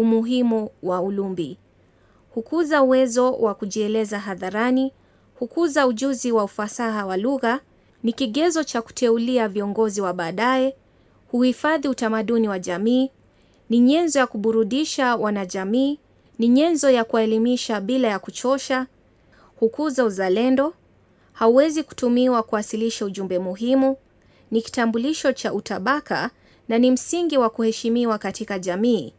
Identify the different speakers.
Speaker 1: Umuhimu wa ulumbi: hukuza uwezo wa kujieleza hadharani, hukuza ujuzi wa ufasaha wa lugha, ni kigezo cha kuteulia viongozi wa baadaye, huhifadhi utamaduni wa jamii, ni nyenzo ya kuburudisha wanajamii, ni nyenzo ya kuwaelimisha bila ya kuchosha, hukuza uzalendo, hauwezi kutumiwa kuwasilisha ujumbe muhimu, ni kitambulisho cha utabaka na ni msingi wa kuheshimiwa katika jamii.